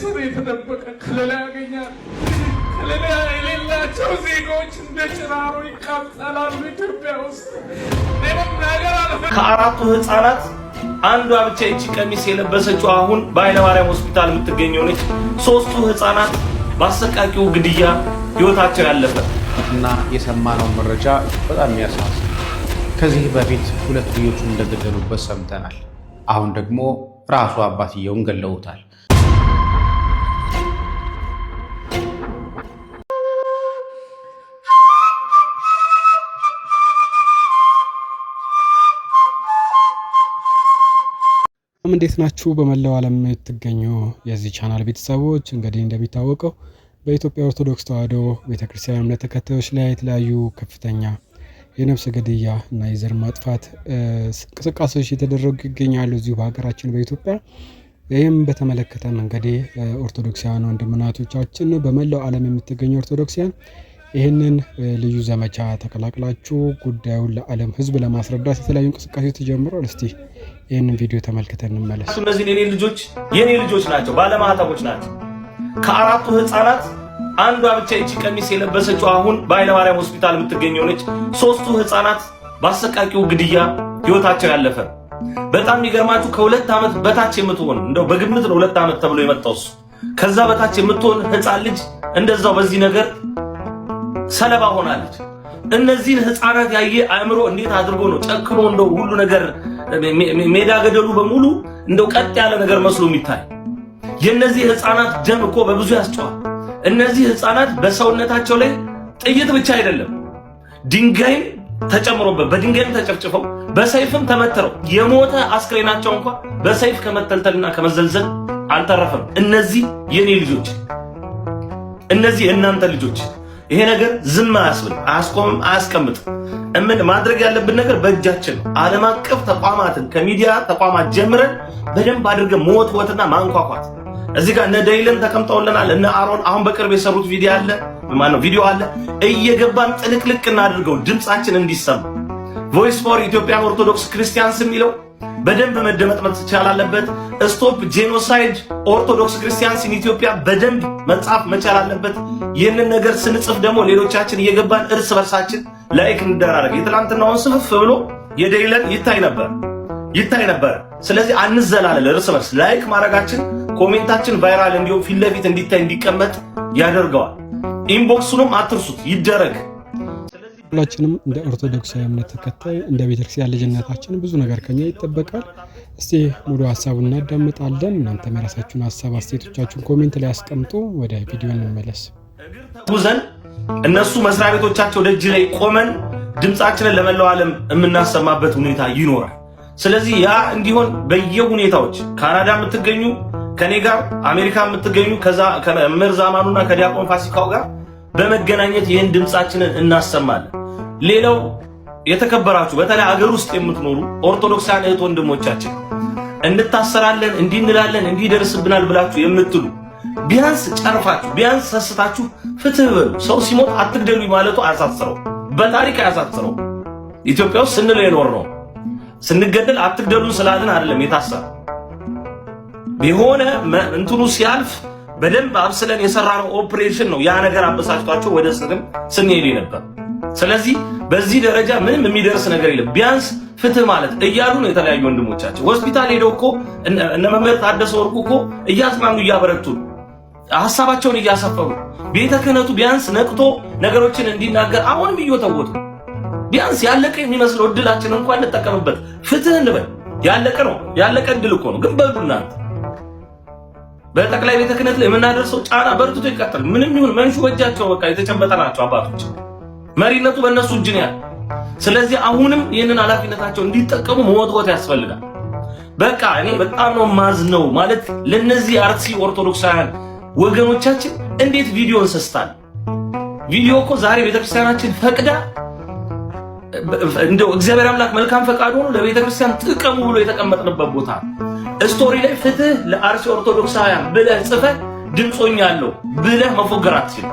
ስር የተደበቀ ከለላ ያገኛል። ከለላ የሌላቸው ዜጋዎች እንደ ጭራሮ ይቃጠላሉ ኢትዮጵያ ውስጥ። ከአራቱ ህፃናት አንዷ ብቻ ይቺ ቀሚስ የለበሰችው አሁን በኃይለማርያም ሆስፒታል የምትገኘው ነች። ሶስቱ ህፃናት በአሰቃቂው ግድያ ህይወታቸው ያለፈ እና የሰማነው መረጃ በጣም የሚያሳዝን ከዚህ በፊት ሁለት ልጆቹን እንደገደሉበት ሰምተናል። አሁን ደግሞ ራሱ አባትየውን ገለውታል። እንዴት ናችሁ? በመላው ዓለም የምትገኙ የዚህ ቻናል ቤተሰቦች እንግዲህ እንደሚታወቀው በኢትዮጵያ ኦርቶዶክስ ተዋሕዶ ቤተክርስቲያን እምነት ተከታዮች ላይ የተለያዩ ከፍተኛ የነፍስ ግድያ እና የዘር ማጥፋት እንቅስቃሴዎች የተደረጉ ይገኛሉ እዚሁ በሀገራችን በኢትዮጵያ። ይህም በተመለከተም እንግዲህ ኦርቶዶክሲያን ወንድምናቶቻችን በመላው ዓለም የምትገኙ ኦርቶዶክሲያን ይህንን ልዩ ዘመቻ ተቀላቅላችሁ ጉዳዩን ለዓለም ሕዝብ ለማስረዳት የተለያዩ እንቅስቃሴዎች ተጀምሯል። እስቲ ይህንን ቪዲዮ ተመልክተን እንመለስ። እነዚህ የኔ ልጆች የኔ ልጆች ናቸው፣ ባለማህተቦች ናቸው። ከአራቱ ህፃናት አንዷ ብቻ ይቺ ቀሚስ የለበሰችው አሁን በኃይለማርያም ሆስፒታል የምትገኝ የሆነች ሶስቱ ህፃናት በአሰቃቂው ግድያ ህይወታቸው ያለፈ በጣም የሚገርማችሁ ከሁለት ዓመት በታች የምትሆን እንደው በግምት ነው ሁለት ዓመት ተብሎ የመጣው እሱ ከዛ በታች የምትሆን ህፃን ልጅ እንደዛው በዚህ ነገር ሰለባ ሆናለች። እነዚህን ህፃናት ያየ አእምሮ እንዴት አድርጎ ነው ጨክኖ እንደው ሁሉ ነገር ሜዳ ገደሉ በሙሉ እንደው ቀጥ ያለ ነገር መስሎ የሚታይ የእነዚህ ህፃናት ደም እኮ በብዙ ያስጨዋል። እነዚህ ህፃናት በሰውነታቸው ላይ ጥይት ብቻ አይደለም ድንጋይም ተጨምሮበት በድንጋይም ተጨፍጭፈው በሰይፍም ተመትረው የሞተ አስክሬናቸው እንኳ በሰይፍ ከመተልተልና ከመዘልዘል አልተረፈም። እነዚህ የኔ ልጆች፣ እነዚህ እናንተ ልጆች፣ ይሄ ነገር ዝም አያስብል፣ አያስቆምም፣ አያስቀምጥም። እምን ማድረግ ያለብን ነገር በእጃችን ነው። ዓለም አቀፍ ተቋማትን ከሚዲያ ተቋማት ጀምረን በደንብ አድርገን ወትና ማንኳኳት። እዚህ ጋር እነ ደይለን ተቀምጠውልናል። እነ አሮን አሁን በቅርብ የሰሩት ቪዲዮ አለ ማነው ቪዲዮ አለ። እየገባን ጥልቅልቅ እናድርገው ድምፃችን እንዲሰማ። ቮይስ ፎር ኢትዮጵያ ኦርቶዶክስ ክርስቲያንስ የሚለው በደንብ መደመጥ መቻል አለበት። ስቶፕ ጄኖሳይድ ኦርቶዶክስ ክርስቲያንስ ኢን ኢትዮጵያ በደንብ መጻፍ መቻል አለበት። ይህንን ነገር ስንጽፍ ደግሞ ሌሎቻችን እየገባን እርስ በርሳችን ላይክ እንደራረግ የትላንትናውን ስፍፍ ብሎ የደይለን ይታይ ነበር ይታይ ነበር። ስለዚህ አንዘላለል፣ እርስ በርስ ላይክ ማድረጋችን ኮሜንታችን ቫይራል እንዲሁም ፊት ለፊት እንዲታይ እንዲቀመጥ ያደርገዋል። ኢንቦክሱንም አትርሱት ይደረግ። ሁላችንም እንደ ኦርቶዶክሳዊ እምነት ተከታይ እንደ ቤተክርስቲያን ልጅነታችን ብዙ ነገር ከኛ ይጠበቃል። እስቲ ሙሉ ሀሳቡን እናዳምጣለን። እናንተም የራሳችሁን ሀሳብ አስተያየቶቻችሁን ኮሜንት ላይ አስቀምጡ። ወደ ቪዲዮ እንመለስ። እነሱ መስሪያ ቤቶቻቸው ደጅ ላይ ቆመን ድምፃችንን ለመላው ዓለም የምናሰማበት ሁኔታ ይኖራል። ስለዚህ ያ እንዲሆን በየሁኔታዎች ካናዳ የምትገኙ ከኔ ጋር አሜሪካ የምትገኙ ከመምህር ዛማኑና ከዲያቆን ፋሲካው ጋር በመገናኘት ይህን ድምፃችንን እናሰማለን። ሌላው የተከበራችሁ በተለይ አገር ውስጥ የምትኖሩ ኦርቶዶክሳን እህት ወንድሞቻችን እንታሰራለን፣ እንዲህ እንላለን፣ እንዲህ ይደርስብናል ብላችሁ የምትሉ ቢያንስ ጨርፋችሁ ቢያንስ ሰስታችሁ ፍትህ በሉ። ሰው ሲሞት አትግደሉ ማለቱ አያሳስረው፣ በታሪክ አያሳስረው። ኢትዮጵያ ውስጥ ስንለው የኖር ነው። ስንገደል አትግደሉ ስላልን አይደለም የታሰረ የሆነ እንትኑ ሲያልፍ በደንብ አብስለን የሰራነው ኦፕሬሽን ነው። ያ ነገር አበሳጭቷቸው ወደ ስርም ስንሄድ ነበር። ስለዚህ በዚህ ደረጃ ምንም የሚደርስ ነገር የለም። ቢያንስ ፍትህ ማለት እያሉ ነው የተለያዩ ወንድሞቻቸው ሆስፒታል ሄደው እኮ እነ መምህር ታደሰ ወርቁ እኮ እያጽናኑ እያበረቱ ነው። ሀሳባቸውን እያሰፈሩ ቤተ ክህነቱ ቢያንስ ነቅቶ ነገሮችን እንዲናገር አሁንም እየተወጡ ቢያንስ ያለቀ የሚመስለው እድላችን እንኳን እንጠቀምበት። ፍትህ እንበል። ያለቀ ነው ያለቀ እድል እኮ ነው። ግን በሉ እናንተ በጠቅላይ ቤተ ክህነት ላይ የምናደርሰው ጫና በርትቶ ይቀጥል። ምንም ይሁን መንሹ በእጃቸው በቃ የተጨበጠ ናቸው አባቶች። መሪነቱ በእነሱ እጅ ነው ያለ። ስለዚህ አሁንም ይህንን ኃላፊነታቸው እንዲጠቀሙ መወትወት ያስፈልጋል። በቃ እኔ በጣም ነው ነው ማለት ለነዚህ አርሲ ኦርቶዶክሳውያን ወገኖቻችን እንዴት ቪዲዮ እንሰስታል? ቪዲዮ እኮ ዛሬ ቤተክርስቲያናችን ፈቅዳ እንደው እግዚአብሔር አምላክ መልካም ፈቃድ ሆኖ ለቤተክርስቲያን ጥቅሙ ብሎ የተቀመጥንበት ቦታ ስቶሪ ላይ ፍትህ ለአርሲ ኦርቶዶክሳውያን ብለህ ጽፈህ ድምፆኛለሁ ብለህ መፎገር አትችልም።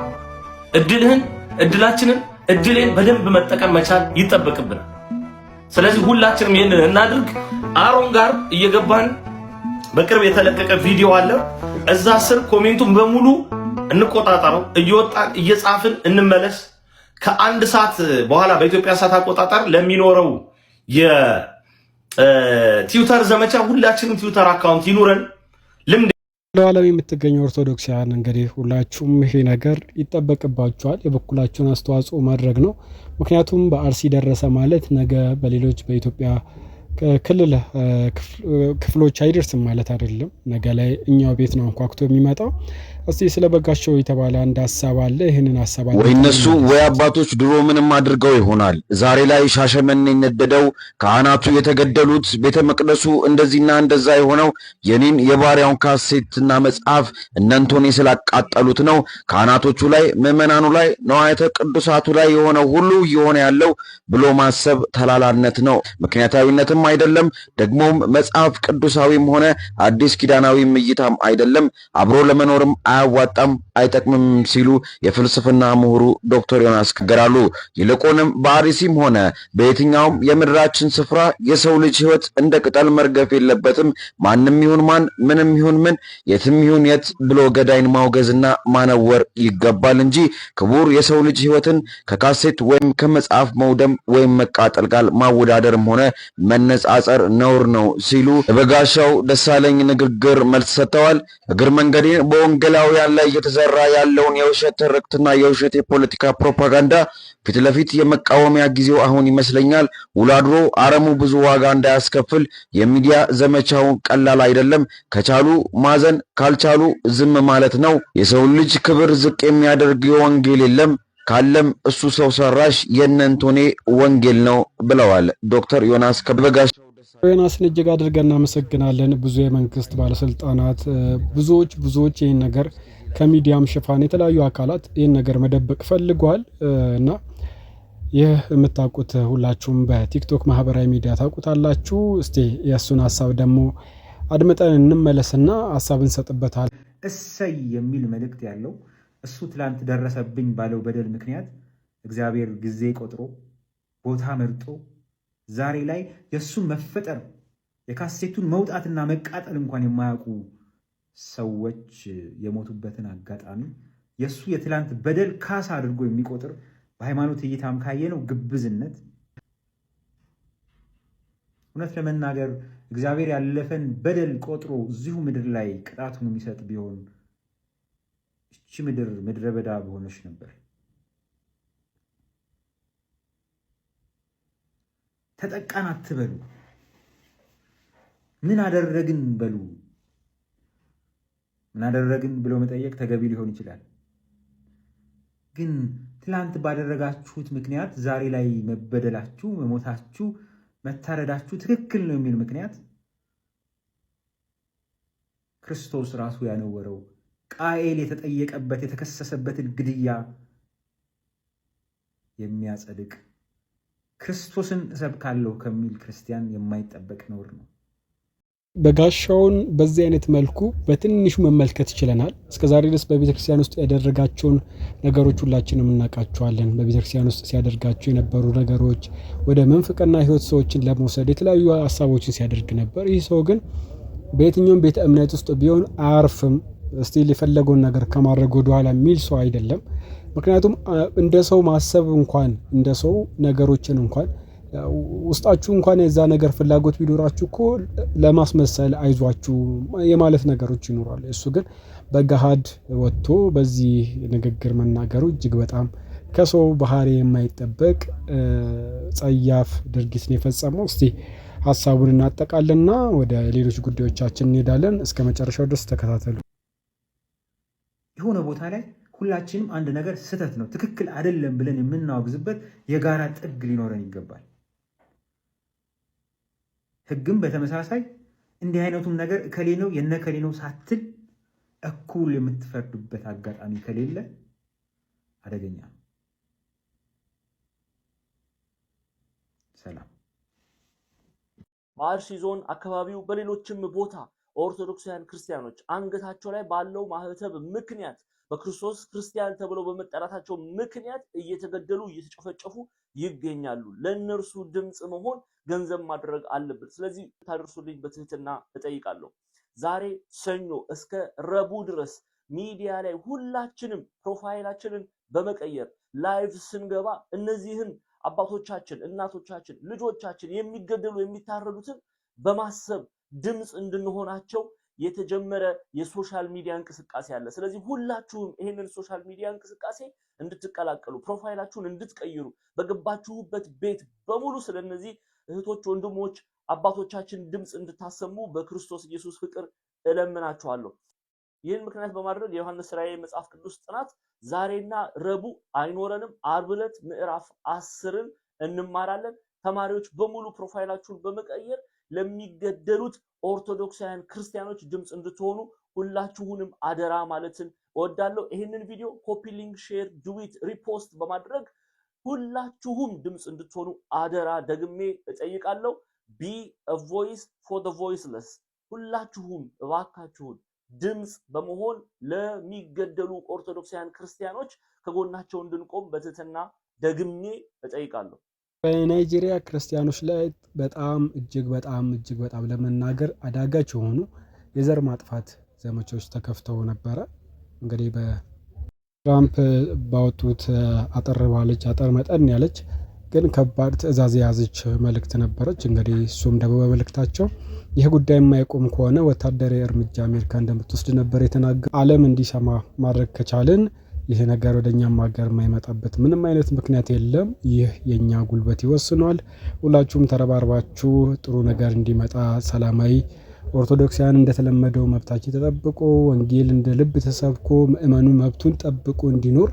እድልህን እድላችንን እድሌን በደንብ መጠቀም መቻል ይጠበቅብናል። ስለዚህ ሁላችንም ይህንን እናድርግ። አሮን ጋር እየገባን በቅርብ የተለቀቀ ቪዲዮ አለ። እዛ ስር ኮሜንቱን በሙሉ እንቆጣጠረው፣ እየወጣን እየጻፍን እንመለስ። ከአንድ ሰዓት በኋላ በኢትዮጵያ ሰዓት አቆጣጠር ለሚኖረው የቲዩተር ዘመቻ ሁላችንም ቲዩተር አካውንት ይኑረን። ልምድ ለዓለም የምትገኙ ኦርቶዶክሳውያን እንግዲህ ሁላችሁም ይሄ ነገር ይጠበቅባችኋል። የበኩላችሁን አስተዋጽኦ ማድረግ ነው። ምክንያቱም በአርሲ ደረሰ ማለት ነገ በሌሎች በኢትዮጵያ ክልል ክፍሎች አይደርስም ማለት አይደለም። ነገ ላይ እኛው ቤት ነው አንኳኩቶ የሚመጣው እስቲ ስለ በጋሻው የተባለ አንድ ሀሳብ አለ። ይህንን ሀሳብ ወይ እነሱ ወይ አባቶች ድሮ ምንም አድርገው ይሆናል ዛሬ ላይ ሻሸመኔ የነደደው ካህናቱ የተገደሉት ቤተ መቅደሱ እንደዚህና እንደዛ የሆነው የኔን የባሪያውን ካሴትና መጽሐፍ እነንቶኔ ስላቃጠሉት ነው። ካህናቶቹ ላይ ምዕመናኑ ላይ ነዋያተ ቅዱሳቱ ላይ የሆነው ሁሉ እየሆነ ያለው ብሎ ማሰብ ተላላነት ነው፣ ምክንያታዊነትም አይደለም። ደግሞም መጽሐፍ ቅዱሳዊም ሆነ አዲስ ኪዳናዊም እይታም አይደለም። አብሮ ለመኖርም አያዋጣም፣ አይጠቅምም ሲሉ የፍልስፍና ምሁሩ ዶክተር ዮናስ ይናገራሉ። ይልቁንም በአርሲም ሆነ በየትኛውም የምድራችን ስፍራ የሰው ልጅ ህይወት እንደ ቅጠል መርገፍ የለበትም። ማንም ይሁን ማን፣ ምንም ይሁን ምን፣ የትም ይሁን የት ብሎ ገዳይን ማውገዝና ማነወር ይገባል እንጂ ክቡር የሰው ልጅ ህይወትን ከካሴት ወይም ከመጽሐፍ መውደም ወይም መቃጠል ጋር ማወዳደርም ሆነ መነጻጸር ነውር ነው ሲሉ በጋሻው ደሳለኝ ንግግር መልስ ሰጥተዋል። እግር መንገዴን በወንገላ በኢትዮጵያውያን ላይ እየተዘራ ያለውን የውሸት ትርክትና የውሸት የፖለቲካ ፕሮፓጋንዳ ፊት ለፊት የመቃወሚያ ጊዜው አሁን ይመስለኛል። ውሎ አድሮ አረሙ ብዙ ዋጋ እንዳያስከፍል የሚዲያ ዘመቻውን ቀላል አይደለም። ከቻሉ ማዘን፣ ካልቻሉ ዝም ማለት ነው። የሰውን ልጅ ክብር ዝቅ የሚያደርግ ወንጌል የለም ካለም እሱ ሰው ሰራሽ የእነ እንቶኔ ወንጌል ነው ብለዋል ዶክተር ዮናስ ከበጋሻው። ዮናስን እጅግ አድርገን እናመሰግናለን። ብዙ የመንግስት ባለስልጣናት፣ ብዙዎች ብዙዎች ይህን ነገር ከሚዲያም ሽፋን የተለያዩ አካላት ይህን ነገር መደበቅ ፈልጓል እና ይህ የምታውቁት ሁላችሁም በቲክቶክ ማህበራዊ ሚዲያ ታውቁታላችሁ። እስቲ የእሱን ሀሳብ ደግሞ አድምጠን እንመለስና ሀሳብ እንሰጥበታል። እሰይ የሚል መልእክት ያለው እሱ ትላንት ደረሰብኝ ባለው በደል ምክንያት እግዚአብሔር ጊዜ ቆጥሮ ቦታ መርጦ ዛሬ ላይ የእሱን መፈጠር የካሴቱን መውጣትና መቃጠል እንኳን የማያውቁ ሰዎች የሞቱበትን አጋጣሚ የእሱ የትላንት በደል ካሳ አድርጎ የሚቆጥር በሃይማኖት እይታም ካየነው ግብዝነት እውነት ለመናገር እግዚአብሔር ያለፈን በደል ቆጥሮ እዚሁ ምድር ላይ ቅጣቱን የሚሰጥ ቢሆን እቺ ምድር ምድረ በዳ በሆነች ነበር። ተጠቃን አትበሉ። ምን አደረግን በሉ። ምን አደረግን ብሎ መጠየቅ ተገቢ ሊሆን ይችላል። ግን ትላንት ባደረጋችሁት ምክንያት ዛሬ ላይ መበደላችሁ፣ መሞታችሁ፣ መታረዳችሁ ትክክል ነው የሚል ምክንያት ክርስቶስ ራሱ ያነወረው ቃኤል የተጠየቀበት የተከሰሰበትን ግድያ የሚያጸድቅ ክርስቶስን እሰብካለሁ ከሚል ክርስቲያን የማይጠበቅ ነውር ነው። በጋሻውን በዚህ አይነት መልኩ በትንሹ መመልከት ይችለናል። እስከዛሬ ድረስ በቤተክርስቲያን ውስጥ ያደረጋቸውን ነገሮች ሁላችንም እናውቃቸዋለን። በቤተክርስቲያን ውስጥ ሲያደርጋቸው የነበሩ ነገሮች ወደ መንፍቅና ሕይወት ሰዎችን ለመውሰድ የተለያዩ ሀሳቦችን ሲያደርግ ነበር። ይህ ሰው ግን በየትኛውም ቤተ እምነት ውስጥ ቢሆን አያርፍም። እስቲል የፈለገውን ነገር ከማድረግ ወደኋላ የሚል ሰው አይደለም። ምክንያቱም እንደ ሰው ማሰብ እንኳን እንደ ሰው ነገሮችን እንኳን ውስጣችሁ እንኳን የዛ ነገር ፍላጎት ቢኖራችሁ እኮ ለማስመሰል አይዟችሁ የማለት ነገሮች ይኖራሉ። እሱ ግን በገሃድ ወጥቶ በዚህ ንግግር መናገሩ እጅግ በጣም ከሰው ባህሪ የማይጠበቅ ጸያፍ ድርጊት ነው የፈጸመው። እስቲ ሀሳቡን እናጠቃለንና ወደ ሌሎች ጉዳዮቻችን እንሄዳለን። እስከ መጨረሻው ድረስ ተከታተሉ። የሆነ ቦታ ላይ ሁላችንም አንድ ነገር ስህተት ነው፣ ትክክል አይደለም ብለን የምናወግዝበት የጋራ ጥግ ሊኖረን ይገባል። ህግም በተመሳሳይ እንዲህ አይነቱም ነገር እከሌ ነው የነ እከሌ ነው ሳትል እኩል የምትፈርዱበት አጋጣሚ ከሌለ አደገኛ ሰላም። ማርሺ ዞን አካባቢው በሌሎችም ቦታ ኦርቶዶክሳውያን ክርስቲያኖች አንገታቸው ላይ ባለው ማህተብ ምክንያት በክርስቶስ ክርስቲያን ተብለው በመጠራታቸው ምክንያት እየተገደሉ እየተጨፈጨፉ ይገኛሉ። ለእነርሱ ድምፅ መሆን ገንዘብ ማድረግ አለብን። ስለዚህ ታደርሱልኝ በትህትና እጠይቃለሁ። ዛሬ ሰኞ እስከ ረቡዕ ድረስ ሚዲያ ላይ ሁላችንም ፕሮፋይላችንን በመቀየር ላይቭ ስንገባ እነዚህን አባቶቻችን፣ እናቶቻችን፣ ልጆቻችን የሚገደሉ የሚታረዱትን በማሰብ ድምፅ እንድንሆናቸው የተጀመረ የሶሻል ሚዲያ እንቅስቃሴ አለ። ስለዚህ ሁላችሁም ይህንን ሶሻል ሚዲያ እንቅስቃሴ እንድትቀላቀሉ፣ ፕሮፋይላችሁን እንድትቀይሩ በገባችሁበት ቤት በሙሉ ስለነዚህ እህቶች፣ ወንድሞች፣ አባቶቻችን ድምፅ እንድታሰሙ በክርስቶስ ኢየሱስ ፍቅር እለምናችኋለሁ። ይህን ምክንያት በማድረግ የዮሐንስ ራእይ መጽሐፍ ቅዱስ ጥናት ዛሬና ረቡዕ አይኖረንም። ዓርብ ዕለት ምዕራፍ አስርን እንማራለን። ተማሪዎች በሙሉ ፕሮፋይላችሁን በመቀየር ለሚገደሉት ኦርቶዶክሳውያን ክርስቲያኖች ድምፅ እንድትሆኑ ሁላችሁንም አደራ ማለትን እወዳለሁ። ይህንን ቪዲዮ ኮፒ፣ ሊንክ፣ ሼር፣ ዱዊት፣ ሪፖስት በማድረግ ሁላችሁም ድምፅ እንድትሆኑ አደራ ደግሜ እጠይቃለሁ። ቢ ቮይስ ፎር ዘ ቮይስለስ። ሁላችሁም እባካችሁን ድምፅ በመሆን ለሚገደሉ ኦርቶዶክሳውያን ክርስቲያኖች ከጎናቸው እንድንቆም በትህትና ደግሜ እጠይቃለሁ። በናይጄሪያ ክርስቲያኖች ላይ በጣም እጅግ በጣም እጅግ በጣም ለመናገር አዳጋች የሆኑ የዘር ማጥፋት ዘመቻዎች ተከፍተው ነበረ። እንግዲህ በትራምፕ ባወጡት አጠር ባለች አጠር መጠን ያለች ግን ከባድ ትዕዛዝ የያዘች መልእክት ነበረች። እንግዲህ እሱም ደግሞ በመልእክታቸው ይህ ጉዳይ የማይቆም ከሆነ ወታደራዊ እርምጃ አሜሪካ እንደምትወስድ ነበር የተናገረው። ዓለም እንዲሰማ ማድረግ ከቻልን ይህ ነገር ወደ እኛም ሀገር የማይመጣበት ምንም አይነት ምክንያት የለም። ይህ የእኛ ጉልበት ይወስኗል። ሁላችሁም ተረባርባችሁ ጥሩ ነገር እንዲመጣ ሰላማዊ ኦርቶዶክሳውያን እንደተለመደው መብታችን ተጠብቆ ወንጌል እንደ ልብ ተሰብኮ ምእመኑ መብቱን ጠብቆ እንዲኖር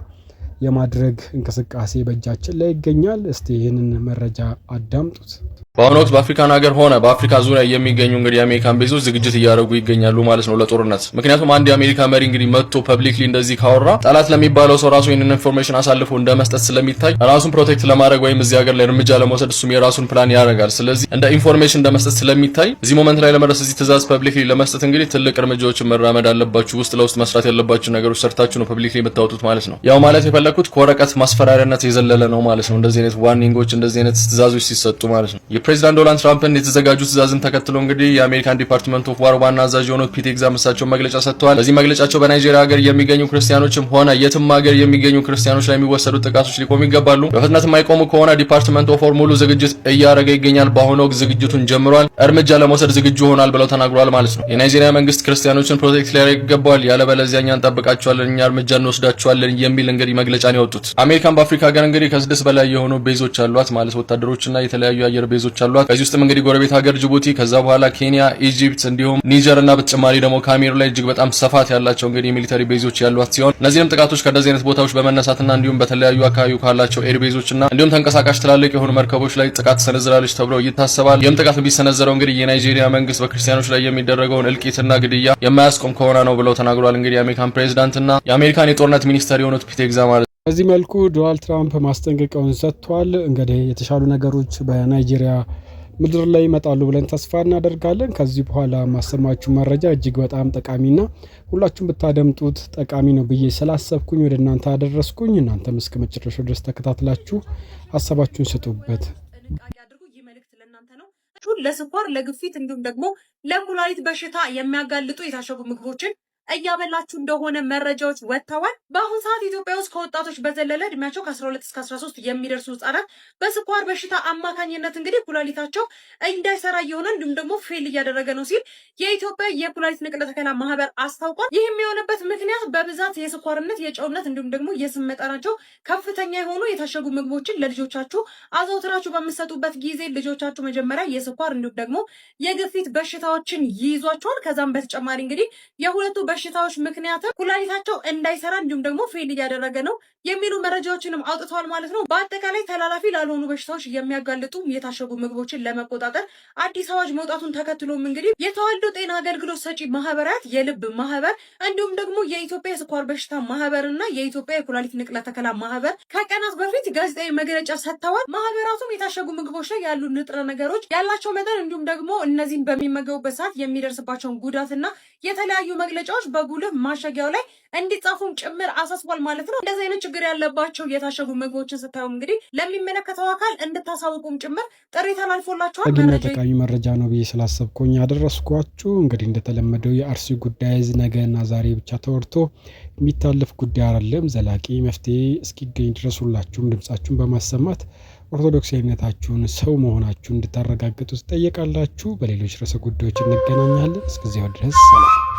የማድረግ እንቅስቃሴ በእጃችን ላይ ይገኛል። እስቲ ይህንን መረጃ አዳምጡት። በአሁኑ ወቅት በአፍሪካን ሀገር ሆነ በአፍሪካ ዙሪያ የሚገኙ እንግዲህ የአሜሪካን ቤዞች ዝግጅት እያደረጉ ይገኛሉ ማለት ነው ለጦርነት። ምክንያቱም አንድ የአሜሪካ መሪ እንግዲህ መጥቶ ፐብሊክሊ እንደዚህ ካወራ ጠላት ለሚባለው ሰው ራሱ ይህንን ኢንፎርሜሽን አሳልፎ እንደ መስጠት ስለሚታይ ራሱን ፕሮቴክት ለማድረግ ወይም እዚህ ሀገር ላይ እርምጃ ለመውሰድ እሱም የራሱን ፕላን ያደርጋል። ስለዚህ እንደ ኢንፎርሜሽን እንደ መስጠት ስለሚታይ እዚህ ሞመንት ላይ ለመድረስ እዚህ ትእዛዝ ፐብሊክሊ ለመስጠት እንግዲህ ትልቅ እርምጃዎችን መራመድ አለባችሁ። ውስጥ ለውስጥ መስራት ያለባችሁ ነገሮች ሰርታችሁ ነው ፐብሊክሊ የምታወጡት ማለት ነው ያው ማለት ከተላለኩት ከወረቀት ማስፈራሪያነት የዘለለ ነው ማለት ነው። እንደዚህ አይነት ዋርኒንጎች፣ እንደዚህ አይነት ትእዛዞች ሲሰጡ ማለት ነው። የፕሬዚዳንት ዶናልድ ትራምፕን የተዘጋጁ ትእዛዝን ተከትሎ እንግዲህ የአሜሪካን ዲፓርትመንት ኦፍ ዋር ዋና አዛዥ የሆኑት ፒት ኤግዛም እሳቸው መግለጫ ሰጥተዋል። በዚህ መግለጫቸው በናይጄሪያ ሀገር የሚገኙ ክርስቲያኖችም ሆነ የትም ሀገር የሚገኙ ክርስቲያኖች ላይ የሚወሰዱ ጥቃቶች ሊቆሙ ይገባሉ። በፍጥነት የማይቆሙ ከሆነ ዲፓርትመንት ኦፍ ዋር ሙሉ ዝግጅት እያደረገ ይገኛል። በአሁኑ ወቅት ዝግጅቱን ጀምሯል። እርምጃ ለመውሰድ ዝግጁ ሆኗል ብለው ተናግሯል ማለት ነው። የናይጄሪያ መንግስት ክርስቲያኖችን ፕሮቴክት ሊያደርግ ይገባዋል። ያለበለዚያ እኛ እንጠብቃቸዋለን፣ እኛ እርምጃ እንወስዳቸዋለን የሚል እንግዲህ መግለጫ መግለጫን ያወጡት። አሜሪካን በአፍሪካ ሀገር እንግዲህ ከስድስት በላይ የሆኑ ቤዞች አሏት ማለት ወታደሮችና የተለያዩ አየር ቤዞች አሏት። ከዚህ ውስጥም እንግዲህ ጎረቤት ሀገር ጅቡቲ፣ ከዛ በኋላ ኬንያ፣ ኢጂፕት እንዲሁም ኒጀር እና በተጨማሪ ደግሞ ካሜሩ ላይ እጅግ በጣም ሰፋት ያላቸው እንግዲህ ሚሊተሪ ቤዞች ያሏት ሲሆን እነዚህንም ጥቃቶች ከእንደዚህ አይነት ቦታዎች በመነሳትና እንዲሁም በተለያዩ አካባቢ ካላቸው ኤር ቤዞችና እንዲሁም ተንቀሳቃሽ ትላልቅ የሆኑ መርከቦች ላይ ጥቃት ሰነዝራለች ተብሎ ይታሰባል። ይህም ጥቃት ቢሰነዘረው እንግዲህ የናይጄሪያ መንግስት በክርስቲያኖች ላይ የሚደረገውን እልቂትና ግድያ የማያስቆም ከሆነ ነው ብለው ተናግሯል። እንግዲህ የአሜሪካን ፕሬዚዳንትና የአሜሪካን የጦርነት ሚኒስተር የሆኑት ፒቴግዛ ማለት በዚህ መልኩ ዶናልድ ትራምፕ ማስጠንቀቂያውን ሰጥቷል። እንግዲህ የተሻሉ ነገሮች በናይጄሪያ ምድር ላይ ይመጣሉ ብለን ተስፋ እናደርጋለን። ከዚህ በኋላ ማሰማችሁ መረጃ እጅግ በጣም ጠቃሚና ሁላችሁም ብታደምጡት ጠቃሚ ነው ብዬ ስላሰብኩኝ ወደ እናንተ አደረስኩኝ። እናንተም እስከ መጨረሻው ድረስ ተከታትላችሁ ሀሳባችሁን ስጡበት። ለስኳር፣ ለግፊት እንዲሁም ደግሞ ለኩላሊት በሽታ የሚያጋልጡ የታሸጉ ምግቦችን እያበላችሁ እንደሆነ መረጃዎች ወጥተዋል። በአሁኑ ሰዓት ኢትዮጵያ ውስጥ ከወጣቶች በዘለለ እድሜያቸው ከ12 እስከ 13 የሚደርሱ ህጻናት በስኳር በሽታ አማካኝነት እንግዲህ ኩላሊታቸው እንዳይሰራ እየሆነ እንዲሁም ደግሞ ፌል እያደረገ ነው ሲል የኢትዮጵያ የኩላሊት ንቅለ ተከላ ማህበር አስታውቋል። ይህም የሆነበት ምክንያት በብዛት የስኳርነት፣ የጨውነት እንዲሁም ደግሞ የስም መጠናቸው ከፍተኛ የሆኑ የታሸጉ ምግቦችን ለልጆቻችሁ አዘውትራችሁ በምሰጡበት ጊዜ ልጆቻችሁ መጀመሪያ የስኳር እንዲሁም ደግሞ የግፊት በሽታዎችን ይይዟቸዋል። ከዛም በተጨማሪ እንግዲህ የሁለቱ በሽታዎች ምክንያትም ኩላሊታቸው እንዳይሰራ እንዲሁም ደግሞ ፌል እያደረገ ነው የሚሉ መረጃዎችንም አውጥተዋል ማለት ነው። በአጠቃላይ ተላላፊ ላልሆኑ በሽታዎች የሚያጋልጡ የታሸጉ ምግቦችን ለመቆጣጠር አዲስ አዋጅ መውጣቱን ተከትሎም እንግዲህ የተዋልዶ ጤና አገልግሎት ሰጪ ማህበራት፣ የልብ ማህበር እንዲሁም ደግሞ የኢትዮጵያ የስኳር በሽታ ማህበር እና የኢትዮጵያ የኩላሊት ንቅለ ተከላ ማህበር ከቀናት በፊት ጋዜጣዊ መግለጫ ሰጥተዋል። ማህበራቱም የታሸጉ ምግቦች ላይ ያሉ ንጥረ ነገሮች ያላቸው መጠን እንዲሁም ደግሞ እነዚህን በሚመገቡበት ሰዓት የሚደርስባቸውን ጉዳትና የተለያዩ መግለጫዎች ሰዎች በጉልህ ማሸጊያው ላይ እንዲጻፉም ጭምር አሳስቧል ማለት ነው። እንደዚህ አይነት ችግር ያለባቸው የታሸጉ ምግቦችን ስታዩ እንግዲህ ለሚመለከተው አካል እንድታሳውቁም ጭምር ጥሪ ተላልፎላቸዋል። ጠቃሚ መረጃ ነው ብዬ ስላሰብኩኝ ያደረስኳችሁ። እንግዲህ እንደተለመደው የአርሲ ጉዳይ ነገና ዛሬ ብቻ ተወርቶ የሚታለፍ ጉዳይ አይደለም። ዘላቂ መፍትሄ እስኪገኝ ድረስ ሁላችሁም ድምጻችሁን በማሰማት ኦርቶዶክሳዊነታችሁን ሰው መሆናችሁ እንድታረጋግጡ ትጠየቃላችሁ። በሌሎች ርዕሰ ጉዳዮች እንገናኛለን። እስከዚያው ድረስ ሰላም።